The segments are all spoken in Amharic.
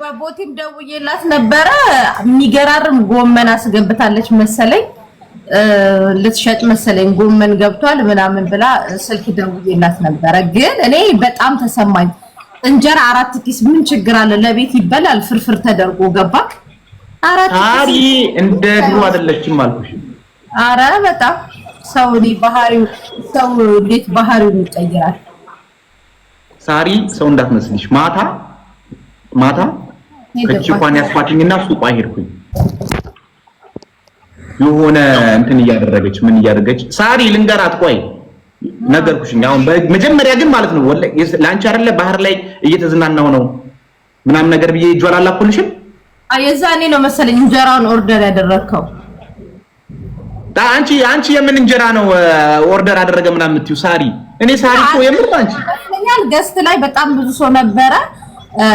በቦቲም ደውዬላት ነበረ። የሚገራርም ጎመን አስገብታለች መሰለኝ ልትሸጥ መሰለኝ ጎመን ገብቷል ምናምን ብላ ስልክ ደውዬላት ነበረ። ግን እኔ በጣም ተሰማኝ። እንጀራ አራት ኪስ ምን ችግር አለ? ለቤት ይበላል። ፍርፍር ተደርጎ ገባ። አራት ኪስ እንደ ድሮ አይደለችም አልኩሽ። አረ በጣም ሰው ባህሪው ሰው እንዴት ባህሪውን ይቀይራል። ሳሪ ሰው እንዳትመስልሽ ማታ ማታ ከቺኳን ያስኳትኝና ሱቋ ሄድኩኝ። የሆነ እንትን እያደረገች ምን እያደረገች ሳሪ ልንገራት፣ ቆይ ነገርኩሽኝ። አሁን መጀመሪያ ግን ማለት ነው ወላሂ ለአንቺ አይደለ ባህር ላይ እየተዝናናው ነው ምናምን ነገር ብዬ እጇ ላላኩልሽም። የዛኔ ነው መሰለኝ እንጀራውን ኦርደር ያደረግከው። አንቺ አንቺ የምን እንጀራ ነው ኦርደር አደረገ ምናምን የምትይው ሳሪ? እኔ ሳሪ እኮ የምር አንቺ ገስት ላይ በጣም ብዙ ሰው ነበረ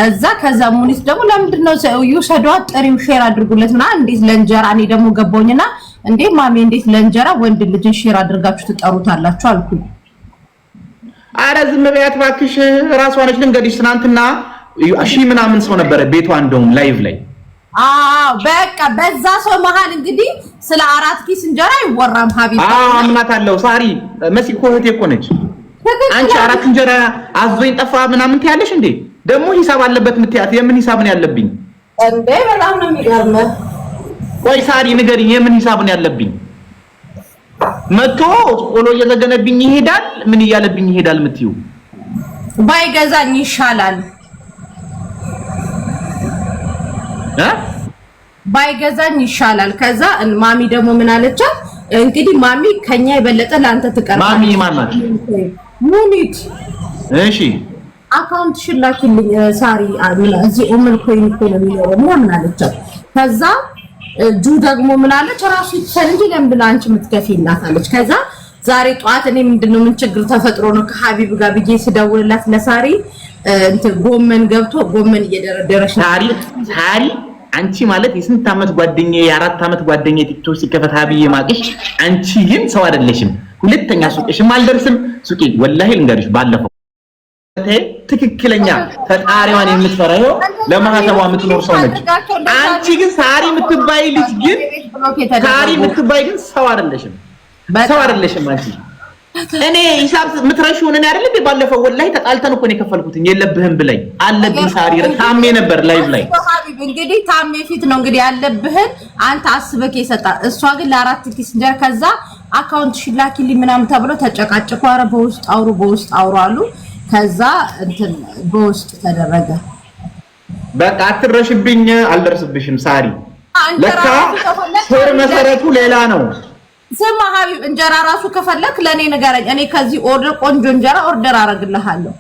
እዛ ከዛ ሙኒት ደግሞ ለምንድን ነው ይውሰዷት፣ ጥሪው ሼር አድርጉለት ምናምን። እንዴት ለእንጀራ እኔ ደግሞ ገባሁኝና እንዴ ማሚ እንዴት ለእንጀራ ወንድ ልጅን ሼር አድርጋችሁ ትጠሩታላችሁ አልኩ አረ ዝም በያት እባክሽ፣ ራሷ ነች ልንገድሽ። ትናንትና እሺ ምናምን ሰው ነበረ ቤቷ፣ እንደውም ላይቭ ላይ አዎ። በቃ በዛ ሰው መሀል እንግዲህ ስለ አራት ኪስ እንጀራ አይወራም። ሀቢብ አዎ፣ አምናታለሁ። ሳሪ መሲ እኮ እህቴ እኮ ነች። አንቺ አራት እንጀራ አዞኝ ጠፋ ምናምን ትያለሽ እንዴ? ደግሞ ሂሳብ አለበት የምትያት የምን ሂሳብ ነው ያለብኝ? እንዴ በጣም ነው የሚገርመው። ቆይ ሳሪ ንገሪኝ፣ የምን ሂሳብ ነው ያለብኝ? መቶ ቆሎ እየዘገነብኝ ይሄዳል፣ ምን እያለብኝ ይሄዳል የምትዩ? ባይገዛኝ ይሻላል እ ባይገዛኝ ይሻላል። ከዛ ማሚ ደግሞ ምን አለቻት? እንግዲህ ማሚ ከኛ የበለጠ ለአንተ ትቀርማ? ማሚ ማን ሙኒት። እሺ አካውንት ሽላኪልኝ ሳሪ እዚህ ኦምል ኮይን እኮ ነው የሚኖረው ምናምን አለቻት። ከዛ ጁ ደግሞ ምን አለች ራሱ ይተን እንጂ ለምን ብላ አንቺ የምትከፊላት አለች። ከዛ ዛሬ ጠዋት እኔ ምንድነው ምን ችግር ተፈጥሮ ነው ከሀቢብ ጋር ብዬ ስደውልላት ለሳሪ እንትን ጎመን ገብቶ ጎመን እየደረደረች ሳሪ ሳሪ አንቺ ማለት የስንት ዓመት ጓደኛ የአራት ዓመት ጓደኛ ቲክቶክ ሲከፈት ሀብዬ ማቅሽ አንቺ ግን ሰው አይደለሽም። ሁለተኛ ሱቅሽም አልደርስም ሱቄ ወላሂ ልንገርሽ ባለፈው ትክክለኛ ፈጣሪዋን የምትፈራ ይኸው ለማህተቧ የምትኖር ሰው ነች። አንቺ ግን ሳሪ የምትባይ ልጅ ግን ሳሪ የምትባይ ግን ሰው አይደለሽም፣ ሰው አይደለሽም። አንቺ እኔ ሂሳብ የምትረሺውን እኔ አይደለም ባለፈው ወላሂ ተጣልተን እኮ ነው የከፈልኩትኝ። የለብህም ብለኝ አለብኝ ሳሪ ታሜ ነበር ላይቭ ላይ እንግዲህ ታሜ ፊት ነው እንግዲህ ያለብህን አንተ አስበህ ይሰጣል። እሷ ግን ለአራት ኪስ እንጀራ ከዛ አካውንት ሽላኪ ምናምን ተብሎ ተጨቃጭቆ ኧረ በውስጥ አውሩ በውስጥ አውሩ አሉ። ከዛ እንትን በውስጥ ተደረገ። በቃ አትረሽብኝ፣ አልደርስብሽም ሳሪ። ለካ ስር መሰረቱ ሌላ ነው። ስማ ሀቢብ፣ እንጀራ ራሱ ከፈለክ ለእኔ ንገረኝ። እኔ ከዚህ ኦርደር ቆንጆ እንጀራ ኦርደር አደርግልሃለሁ።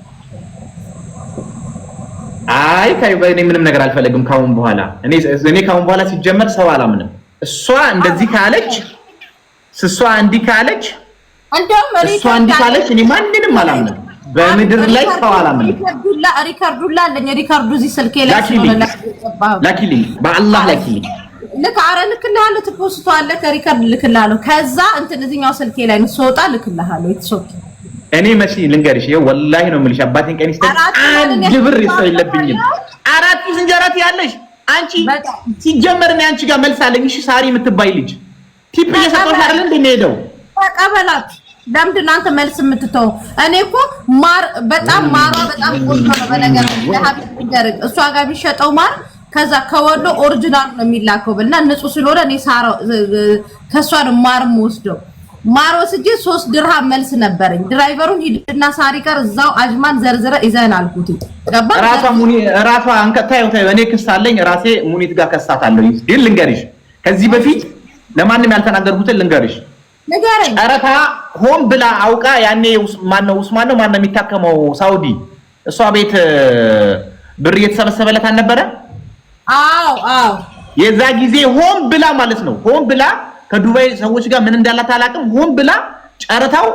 አይ ታይ፣ እኔ ምንም ነገር አልፈለግም ካሁን በኋላ። እኔ እኔ ካሁን በኋላ ሲጀመር ሰው አላምንም። እሷ እንደዚህ ካለች ስሷ እንዲህ ካለች እሷ እንዲህ ካለች እኔ ማንንም አላምንም። በምድር ላይ ተዋላ ምን ሪካርዱላ አለኝ። ሪካርዱ እዚህ ስልኬ ላይ ላኪልኝ፣ በአላህ ላኪልኝ። ልክ ኧረ እልክልሃለሁ፣ ትፖስተዋለህ። ከሪካርድ እልክልሃለሁ። ከዛ እንትን እዚህኛው ስልኬ ላይ ነው ስወጣ እልክልሃለሁ። የተሶክ እኔ መሲ ልንገርሽ፣ ይኸው ወላሂ ነው የምልሽ። አባቴን ቀን ይስተ አንድ ብር ሰው የለብኝም። አራት ዩዝ እንጀራት ያለሽ አንቺ ሲጀመር ነው አንቺ ጋር መልስ አለኝ። እሺ ሳሪ የምትባይ ልጅ ቲፕ እየሰጠሁሽ አይደል እንደሚሄደው ተቀበላት ለምንድን ነው አንተ መልስ የምትተው? እኔ እኮ ማር በጣም ማሯ በጣም ቆንጆ ነው። በነገር ለሀቢብ እሷ ጋር የሚሸጠው ማር ከዛ ከወሎ ኦሪጂናል ነው የሚላከው ብልና ንጹህ ስለሆነ እኔ ሳራ ከሷ ነው ማር የምወስደው። ማር ወስጄ ሶስት ድርሃም መልስ ነበረኝ። ድራይቨሩን ሂድና ሳሪ ጋር እዛው አጅማን ዘርዝረ ይዘን አልኩት። ገባ ራሷ ሙኒ ራሷ አንከታዩ ታዩ እኔ ክስ አለኝ ራሴ ሙኒት ጋር ከሳታለሁ። ግን ልንገርሽ፣ ከዚህ በፊት ለማንም ያልተናገርኩትን ልንገርሽ ጨረታ ሆን ብላ አውቃ ያኔ ማነው ኡስማን ነው ማነው የሚታከመው ሳውዲ እሷ ቤት ብር እየተሰበሰበለት አልነበረ? አዎ አዎ። የዛ ጊዜ ሆን ብላ ማለት ነው ሆን ብላ ከዱባይ ሰዎች ጋር ምን እንዳላት አላውቅም። ሆን ብላ ጨረታው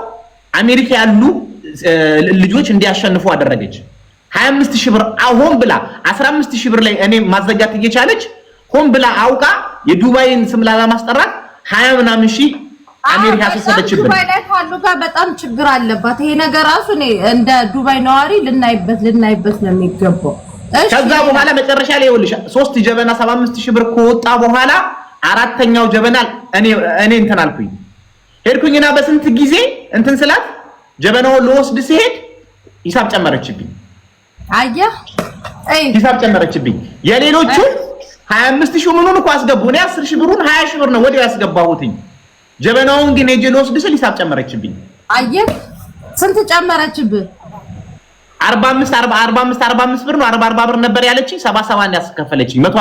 አሜሪካ ያሉ ልጆች እንዲያሸንፉ አደረገች። 25 ሺህ ብር ሆን ብላ 15 ሺህ ብር ላይ እኔ ማዘጋት እየቻለች ሆን ብላ አውቃ የዱባይን ስም ላማስጠራት 20 ምናምን ሺህ አሜሪ ያፈሰደችብን ዱባይ ላይ ካሉ ጋር በጣም ችግር አለባት። ይሄ ነገር ራሱ እኔ እንደ ዱባይ ነዋሪ ልናይበት ልናይበት ነው የሚገባው። ከዛ በኋላ መጨረሻ ላይ ይኸውልሽ ሶስት ጀበና 75000 ብር ከወጣ በኋላ አራተኛው ጀበና እኔ እኔ እንትን አልኩኝ ሄድኩኝና በስንት ጊዜ እንትን ስላት ጀበናውን ልወስድ ሲሄድ ሂሳብ ጨመረችብኝ። አየህ አይ ሂሳብ ጨመረችብኝ። የሌሎቹ 25000 ምኑን እኮ አስገቡ። እኔ 10000 ብሩን 20000 ብር ነው ወዲያው ያስገባሁትኝ ጀበናውን ግን ሄጄ ልወስድ ስል ሂሳብ ጨመረችብኝ። አየህ ስንት ጨመረችብህ? አርባ አምስት አርባ አምስት ብር ነው አርባ አርባ ብር ነበር ያለችኝ። ሰባ ሰባ ነው ያስከፈለችኝ። መቶ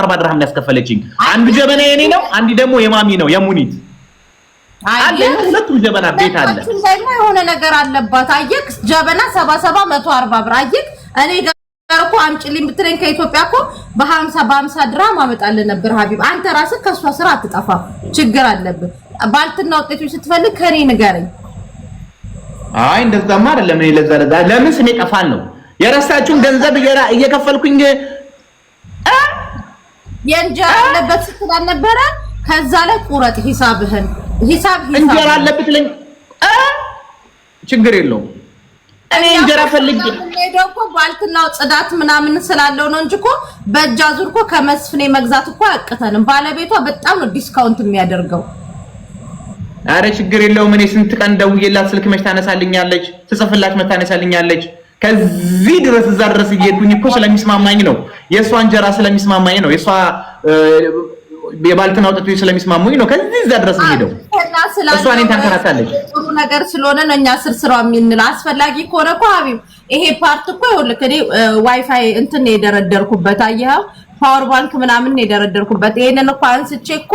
አርባ ድርሃም ነው ያስከፈለችኝ። አንዱ ጀበና የኔ ነው፣ አንዱ ደግሞ የማሚ ነው የሙኒት ሁለቱም ጀበና ቤት አለ። ደግሞ የሆነ ነገር አለባት። አየህ ጀበና ሰባ ሰባ መቶ አርባ ብር አየህ እኔ እኮ አምጪልኝ ብትለኝ ከኢትዮጵያ እኮ በሀምሳ በሀምሳ ድራም አመጣልህ ነበር። ሀቢብ አንተ ራስህ ከእሷ ስራ አትጠፋም። ችግር አለብህ። ባልትና ውጤቶች ስትፈልግ ከኔ ንገረኝ። አይ እንደዛማ አይደለም። እኔ ለዛ ለዛ ለምን ስሜ ጠፋል ነው የረሳችሁን ገንዘብ እየከፈልኩኝ የእንጀራ አለበት ስትል አልነበረ? ከዛ ላይ ቁረጥ ሂሳብህን ሂሳብ እንጀራ አለበት ለኝ ችግር የለውም እኔ እንጀራ ፈልጌ ሄደው እኮ ባልትናው ጽዳት ምናምን ስላለው ነው እንጂ እኮ በእጅ አዙር እኮ ከመስፍኔ መግዛት እኮ አያቅተንም። ባለቤቷ በጣም ነው ዲስካውንት የሚያደርገው። አረ ችግር የለውም። እኔ ስንት ቀን ደውዬላት ስልክ መች ታነሳልኛለች፣ ትጽፍላች መች ታነሳልኛለች። ከዚህ ድረስ እዛ ድረስ እየሄድኩኝ እኮ ስለሚስማማኝ ነው የእሷ እንጀራ ስለሚስማማኝ ነው የእሷ የባልትን አውጥቶ ስለሚስማሙኝ ነው ከዚህ እዛ ድረስ የሚሄደው። እሷ እኔን ታንከራታለች። ጥሩ ነገር ስለሆነ ነው እኛ ስር ስራ የምንል። አስፈላጊ ከሆነ እኮ ሀቢብ ይሄ ፓርት እኮ ይኸውልህ እኔ ዋይፋይ እንትን ነው የደረደርኩበት፣ አየኸው ፓወር ባንክ ምናምን ነው የደረደርኩበት። ይሄንን እኮ አንስቼ እኮ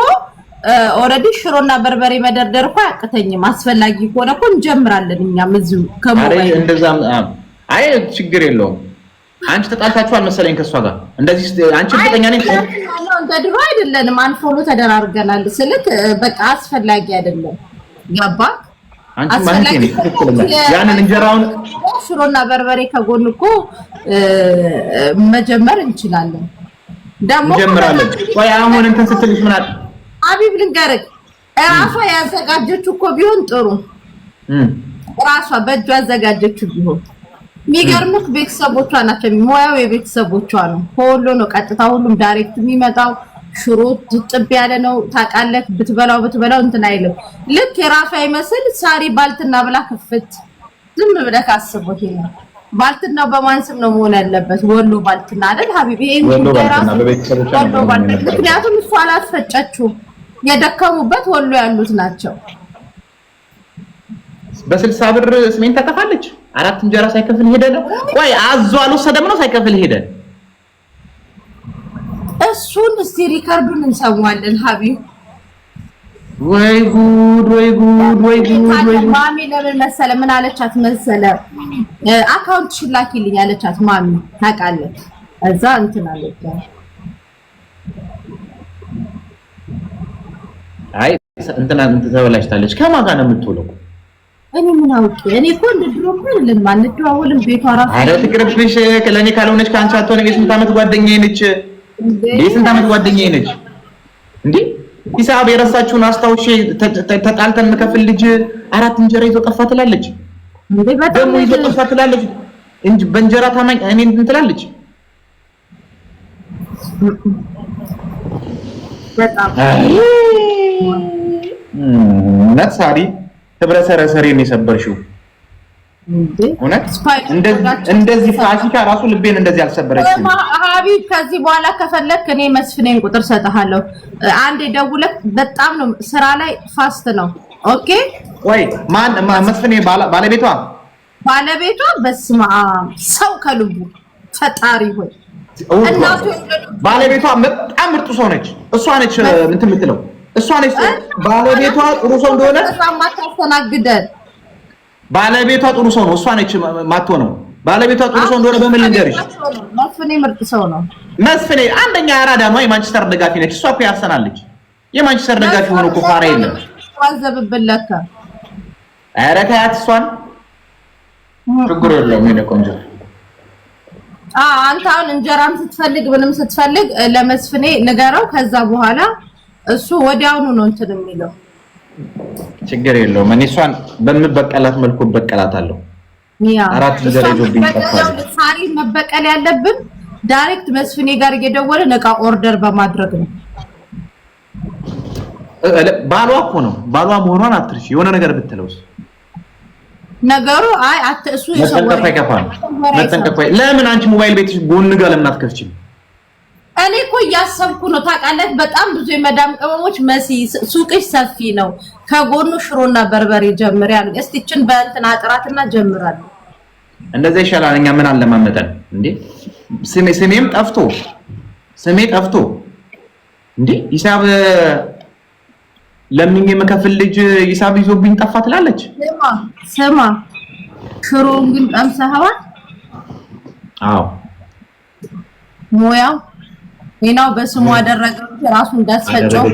ኦልሬዲ ሽሮና በርበሬ መደርደር እኮ አያቅተኝም። አስፈላጊ ከሆነ እኮ እንጀምራለን እኛም እዚሁ ከሞባይል እንደዛም። አይ ችግር የለውም። አንቺ ተጣልታችኋል መሰለኝ ከእሷ ጋር እንደዚህ። አንቺ እርግጠኛ ነኝ በድሮ ድሮ አይደለንም። አንፎሎ ተደራርገናል ስልክ በቃ አስፈላጊ አይደለም። ገባ ያንን እንጀራውን ሽሮና በርበሬ ከጎን እኮ መጀመር እንችላለን። ደግሞ እንጀምራለን። ቆይ አሁን እንትን ስትልሽ ምን አለ አቢብ ልንገርህ፣ ራሷ ያዘጋጀችው እኮ ቢሆን ጥሩ ራሷ በእጇ ያዘጋጀችው ቢሆን የሚገርምህ ቤተሰቦቿ ናቸው። ሙያው የቤተሰቦቿ ነው። ከወሎ ነው ቀጥታ ሁሉም ዳይሬክት የሚመጣው። ሽሮ ጥብ ያለ ነው ታውቃለህ። ብትበላው ብትበላው እንትን አይልም። ልክ የራሷ ይመስል ሳሪ ባልትና ብላ ክፍት ዝም ብለህ አስቦት ነው። ባልትናው በማን ስም ነው መሆን ያለበት? ወሎ ባልትና አይደል ሀቢብ? ምክንያቱም እሷ አላስፈጨችው። የደከሙበት ወሎ ያሉት ናቸው። በስልሳ ብር ስሜን ተጠፋለች። አራት እንጀራ ሳይከፍል ሄደ ነው። ቆይ አዞ አልወሰደም ነው ሳይከፍል ሄደ። እሱን እስቲ ሪካርዱን እንሰማዋለን ሀቢ ወይ ጉድ፣ ወይ ጉድ፣ ወይ ጉድ። ማሚ ለምን መሰለ ምን አለቻት መሰለ አካውንት ሽላኪልኝ አለቻት። ማሚ ታውቃለች። እዛ እንትን አለች። አይ እንትና ተበላሽታለች። ከማን ጋር ነው የምትውለው? እኔ ምን አውቄ? እኔ እኮ እንደ ድሮ እኮ አይደለም አንደዋወልም። ቤቷ ራሱ አረ ፍቅርሽ ለእኔ ካልሆነች ከአንቺ አትሆንም። የስንት ዓመት ጓደኛዬ ነች፣ የስንት ዓመት ጓደኛዬ ነች። እንዴ ሂሳብ የረሳችሁን አስታውሼ ተጣልተን የምከፍል ልጅ አራት እንጀራ ይዞ ጠፋ ትላለች፣ በጣም ይዞ ጠፋ ትላለች እንጂ በእንጀራ ታማኝ እኔ እንትን ትላለች። በጣም ነጥ ሳሪ ህብረሰረሰሬን የሰበርሽው እንደዚህ ፋሲካ ራሱ ልቤን እንደዚህ አልሰበረችም። ሀቢብ ከዚህ በኋላ ከፈለክ እኔ መስፍኔን ቁጥር ሰጥሃለሁ። አንድ የደውለት በጣም ነው ስራ ላይ ፋስት ነው። ኦኬ ወይ ማን መስፍኔ? ባለቤቷ ባለቤቷ በስማ ሰው ከልቡ ፈጣሪ ሆይ እናቱ ባለቤቷ በጣም ምርጡ ሰው ነች። እሷ ነች እንትን የምትለው እሷ ነች ባለቤቷ ጥሩ ሰው እንደሆነ ማታስተናግደን ባለቤቷ ጥሩ ሰው ነው። እሷ ነች ማትሆነው። ባለቤቷ ጥሩ ሰው እንደሆነ በምን ልንገርሽ? መስፍኔ ምርጥ ሰው ነው። መስፍኔ አንደኛ አራዳ ነው። የማንቸስተር ደጋፊ ነች። እሷ እኮ ያርሰናለች። የማንቸስተር ደጋፊ ሆኖ እኮ ፋራ የለም። ዋዘብብለካ ኧረ ተያት። እሷን ችግር የለውም የእኔ ቆንጆ። አንተ አሁን እንጀራም ስትፈልግ ምንም ስትፈልግ ለመስፍኔ ንገረው። ከዛ በኋላ እሱ ወዲያውኑ ነው እንትን የሚለው ችግር የለውም። እኔ እሷን በምበቀላት መልኩ እበቀላታለሁ። አራት ሳሪ መበቀል ያለብን ዳይሬክት መስፍኔ ጋር እየደወለ እቃ ኦርደር በማድረግ ነው። ባሏ እኮ ነው፣ ባሏ መሆኗን አትርሽ። የሆነ ነገር ብትለውስ ነገሩ አይ አትእሱ ይሰወራል። ለምን አንቺ ሞባይል ቤትሽ ጎን ጋር ለምን አትከፍችም? እኔ እኮ እያሰብኩ ነው ታውቃለች። በጣም ብዙ የመዳም ቅመሞች መሲ ሱቅሽ ሰፊ ነው፣ ከጎኑ ሽሮና በርበሬ ጀምር ያሉ እስቲ ይችን በእንትን አጥራትና ጀምራለሁ። እንደዛ ይሻላል። እኛ ምን አለማመጠን እንዴ? ስሜ ስሜም ጠፍቶ ስሜ ጠፍቶ እንዴ ሂሳብ ለምን የምከፍል ልጅ ሂሳብ ይዞብኝ ጠፋ ትላለች። ስማ ሽሮን ግን ቀምሰኸዋል? አዎ ሙያው ሌላው በስሙ አደረገው ራሱ እንዳስፈጨው